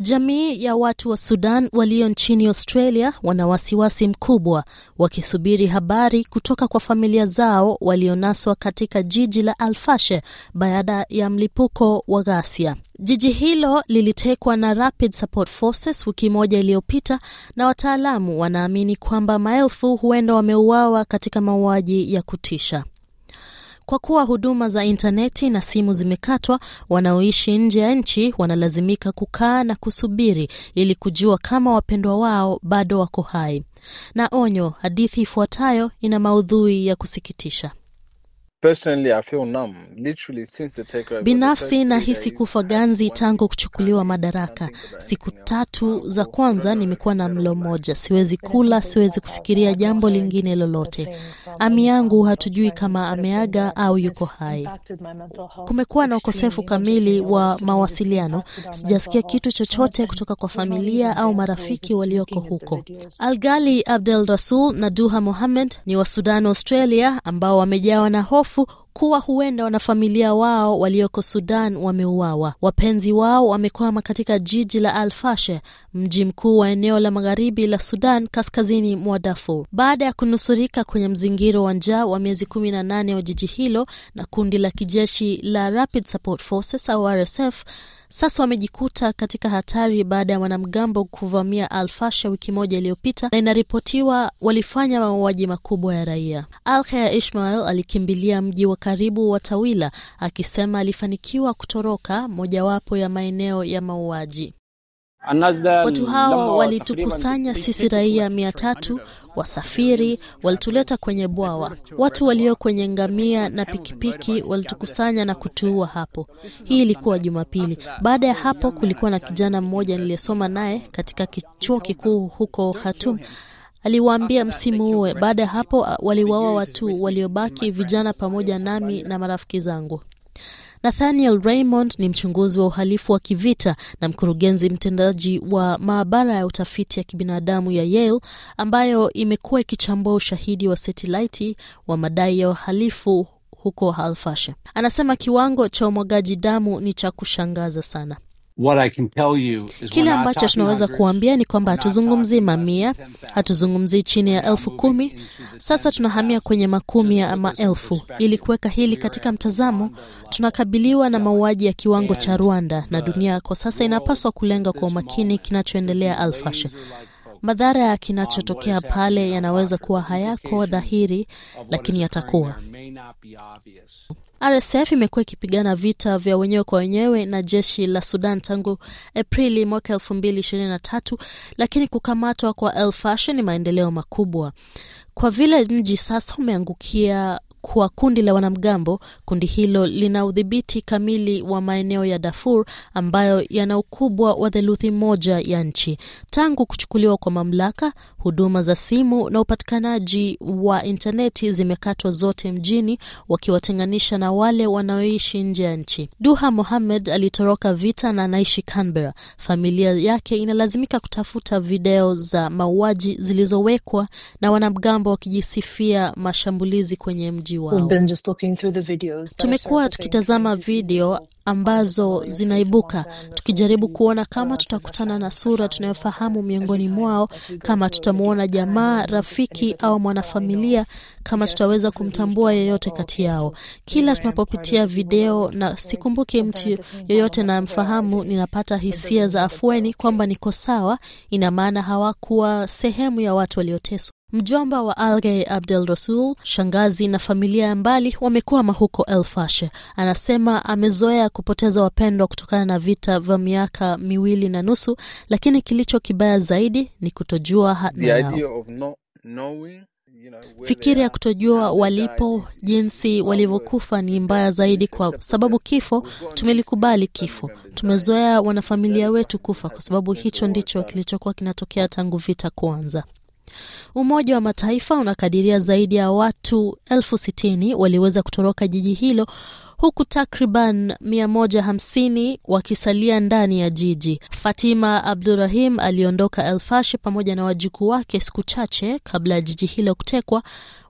Jamii ya watu wa Sudan walio nchini Australia wana wasiwasi mkubwa wakisubiri habari kutoka kwa familia zao walionaswa katika jiji la Alfashe baada ya mlipuko wa ghasia. Jiji hilo lilitekwa na Rapid Support Forces wiki moja iliyopita, na wataalamu wanaamini kwamba maelfu huenda wameuawa katika mauaji ya kutisha. Kwa kuwa huduma za intaneti na simu zimekatwa, wanaoishi nje ya nchi wanalazimika kukaa na kusubiri ili kujua kama wapendwa wao bado wako hai. Na onyo, hadithi ifuatayo ina maudhui ya kusikitisha. Personally, I feel numb. Literally, since the takeover, binafsi nahisi kufa ganzi tangu kuchukuliwa madaraka. Siku tatu za kwanza nimekuwa na mlo mmoja, siwezi kula, siwezi kufikiria jambo lingine lolote. Ami yangu hatujui kama ameaga au yuko hai. Kumekuwa na ukosefu kamili wa mawasiliano, sijasikia kitu chochote kutoka kwa familia au marafiki walioko huko. Algali Abdel Rasul na Duha Mohammed ni wa Sudan, Australia ambao wamejawa na hofu 夫 kuwa huenda wanafamilia wao walioko Sudan wameuawa. Wapenzi wao wamekwama katika jiji la al mji mkuu wa eneo la magharibi la Sudan, kaskazini mwa Darfur, baada ya kunusurika kwenye mzingiro wa njaa wa miezi kumi na nane wa jiji hilo na kundi la kijeshi la Rapid Support Forces au RSF sasa wamejikuta katika hatari baada ya wanamgambo kuvamia al wiki moja iliyopita, na inaripotiwa walifanya mauaji makubwa ya raia. al Alkhaya Ismail alikimbilia mji wa karibu wa Tawila akisema kutoroka mojawapo ya maeneo ya mauaji. Watu hawa walitukusanya sisi raia mia tatu wasafiri, walituleta kwenye bwawa. Watu walio kwenye ngamia na pikipiki walitukusanya na kutuua hapo. Hii ilikuwa Jumapili. Baada ya hapo, kulikuwa na kijana mmoja niliyesoma naye katika kichuo kikuu huko Khartoum aliwaambia msimu uwe Baada ya hapo, waliwaua watu waliobaki, vijana pamoja nami na marafiki zangu. Nathaniel Raymond ni mchunguzi wa uhalifu wa kivita na mkurugenzi mtendaji wa maabara ya utafiti ya kibinadamu ya Yale ambayo imekuwa ikichambua ushahidi wa satelaiti wa madai ya uhalifu huko Al Anasema kiwango cha umwagaji damu ni cha kushangaza sana. Kile ambacho tunaweza kuambia ni kwamba hatuzungumzii mamia, hatuzungumzii chini ya elfu kumi. Sasa tunahamia kwenye makumi ya maelfu. Ili kuweka hili katika mtazamo, tunakabiliwa na mauaji ya kiwango cha Rwanda, na dunia kwa sasa inapaswa kulenga kwa umakini kinachoendelea alfasha Madhara ya kinachotokea pale yanaweza kuwa hayako dhahiri, lakini yatakuwa RSF imekuwa ikipigana vita vya wenyewe kwa wenyewe na jeshi la Sudan tangu Aprili mwaka elfu lakini kukamatwa kwa El ni maendeleo makubwa kwa vile mji sasa umeangukia kwa kundi la wanamgambo. Kundi hilo lina udhibiti kamili wa maeneo ya dafur ambayo yana ukubwa wa theluthi moja ya nchi. Tangu kuchukuliwa kwa mamlaka, huduma za simu na upatikanaji wa intaneti zimekatwa zote mjini, wakiwatenganisha na wale wanaoishi nje ya nchi. Duha Mohamed alitoroka vita na anaishi canbera Familia yake inalazimika kutafuta video za mauaji zilizowekwa na wanamgambo wakijisifia mashambulizi kwenye mji well. Tumekuwa tukitazama video ambazo zinaibuka, tukijaribu kuona kama tutakutana na sura tunayofahamu miongoni mwao, kama tutamwona jamaa, rafiki au mwanafamilia, kama tutaweza kumtambua yeyote kati yao. Kila tunapopitia video na sikumbuki mtu yeyote namfahamu ninapata hisia za afueni kwamba niko sawa. Ina maana hawakuwa sehemu ya watu walioteswa. Mjomba wa Algay Abdel Rasul, shangazi na familia ya mbali wamekwama huko El Fasher. Anasema amezoea kupoteza wapendwa kutokana na vita vya miaka miwili na nusu, lakini kilicho kibaya zaidi ni kutojua hatma yao. Fikiri ya kutojua walipo, jinsi walivyokufa ni mbaya zaidi, kwa sababu kifo tumelikubali. Kifo tumezoea wanafamilia wetu kufa, kwa sababu hicho ndicho kilichokuwa kinatokea tangu vita kuanza. Umoja wa Mataifa unakadiria zaidi ya watu elfu sitini waliweza kutoroka jiji hilo huku takriban 150 wakisalia ndani ya jiji. Fatima Abdurahim aliondoka Elfashi pamoja na wajukuu wake siku chache kabla ya jiji hilo kutekwa,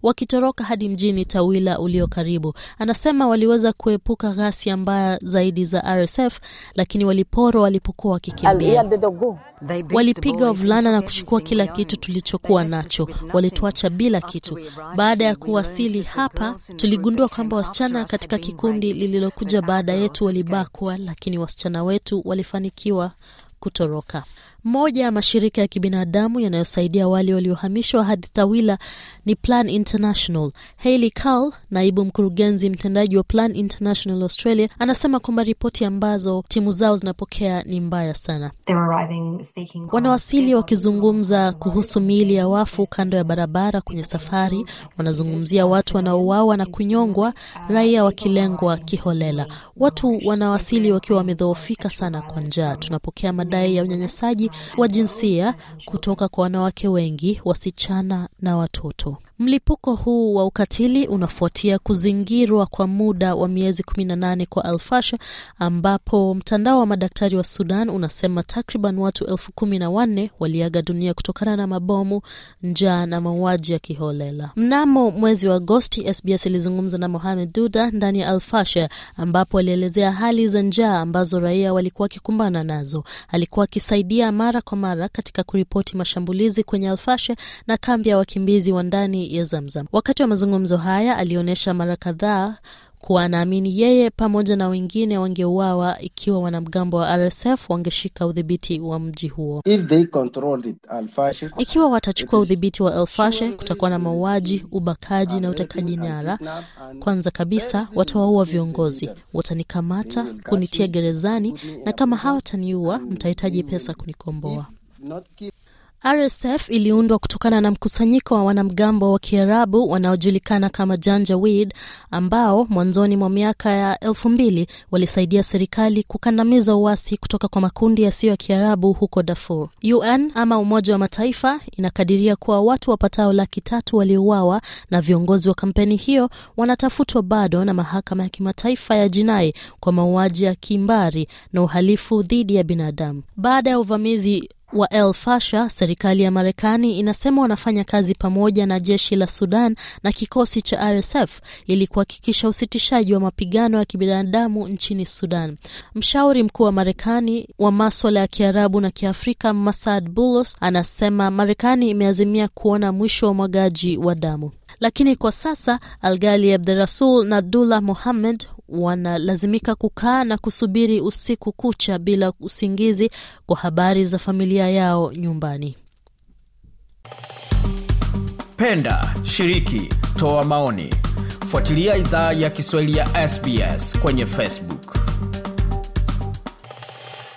wakitoroka hadi mjini Tawila ulio karibu. Anasema waliweza kuepuka ghasia mbaya zaidi za RSF, lakini waliporwa walipokuwa wakikimbia. Walipiga wavulana na kuchukua kila kitu tulichokuwa nacho, walituacha bila kitu. Baada ya kuwasili hapa, tuligundua kwamba wasichana katika kikundi kundi lililokuja baada yetu walibakwa, lakini wasichana wetu walifanikiwa kutoroka. Moja ya mashirika ya kibinadamu yanayosaidia wale waliohamishwa hadi Tawila ni Plan International. Hailey Carl, naibu mkurugenzi mtendaji wa Plan International Australia, anasema kwamba ripoti ambazo timu zao zinapokea ni mbaya sana. Wanawasili wakizungumza kuhusu miili ya wafu kando ya barabara kwenye safari, wanazungumzia watu wanaouawa na kunyongwa, raia wakilengwa kiholela. Watu wanawasili wakiwa wamedhoofika sana kwa njaa. Tunapokea madai ya unyanyasaji wa jinsia kutoka kwa wanawake wengi, wasichana na watoto. Mlipuko huu wa ukatili unafuatia kuzingirwa kwa muda wa miezi 18 kwa alfasha ambapo mtandao wa madaktari wa Sudan unasema takriban watu elfu kumi na wanne waliaga dunia kutokana na mabomu, njaa na mauaji ya kiholela. Mnamo mwezi wa Agosti, SBS ilizungumza na Mohamed Duda ndani ya alfasha ambapo alielezea hali za njaa ambazo raia walikuwa wakikumbana nazo. Alikuwa akisaidia mara kwa mara katika kuripoti mashambulizi kwenye alfasha na kambi ya wakimbizi wa ndani ya Zamzam. Wakati wa mazungumzo haya alionyesha mara kadhaa kuwa anaamini yeye pamoja na wengine wangeuawa ikiwa wanamgambo wa RSF wangeshika udhibiti wa mji huo. If they controlled it, ikiwa watachukua udhibiti wa alfashe kutakuwa na mauaji, ubakaji na utekaji nyara. Kwanza kabisa watawaua viongozi, watanikamata, kunitia gerezani, na kama hawataniua mtahitaji pesa kunikomboa. RSF iliundwa kutokana na mkusanyiko wa wanamgambo wa Kiarabu wanaojulikana kama Janjaweed ambao mwanzoni mwa miaka ya elfu mbili walisaidia serikali kukandamiza uasi kutoka kwa makundi yasiyo ya Kiarabu huko dafur UN ama Umoja wa Mataifa inakadiria kuwa watu wapatao laki tatu waliouawa na viongozi wa kampeni hiyo wanatafutwa bado na Mahakama ya Kimataifa ya Jinai kwa mauaji ya kimbari na uhalifu dhidi ya binadamu. Baada ya uvamizi wa El fasha serikali ya Marekani inasema wanafanya kazi pamoja na jeshi la Sudan na kikosi cha RSF ili kuhakikisha usitishaji wa mapigano ya kibinadamu nchini Sudan. Mshauri mkuu wa Marekani wa maswala ya Kiarabu na Kiafrika, Masad Bulos, anasema Marekani imeazimia kuona mwisho wa mwagaji wa damu. Lakini kwa sasa Algali Abdurasul na Abdullah Mohammed wanalazimika kukaa na kusubiri usiku kucha bila usingizi kwa habari za familia yao nyumbani. Penda, shiriki, toa maoni. Fuatilia idhaa ya Kiswahili ya SBS kwenye Facebook.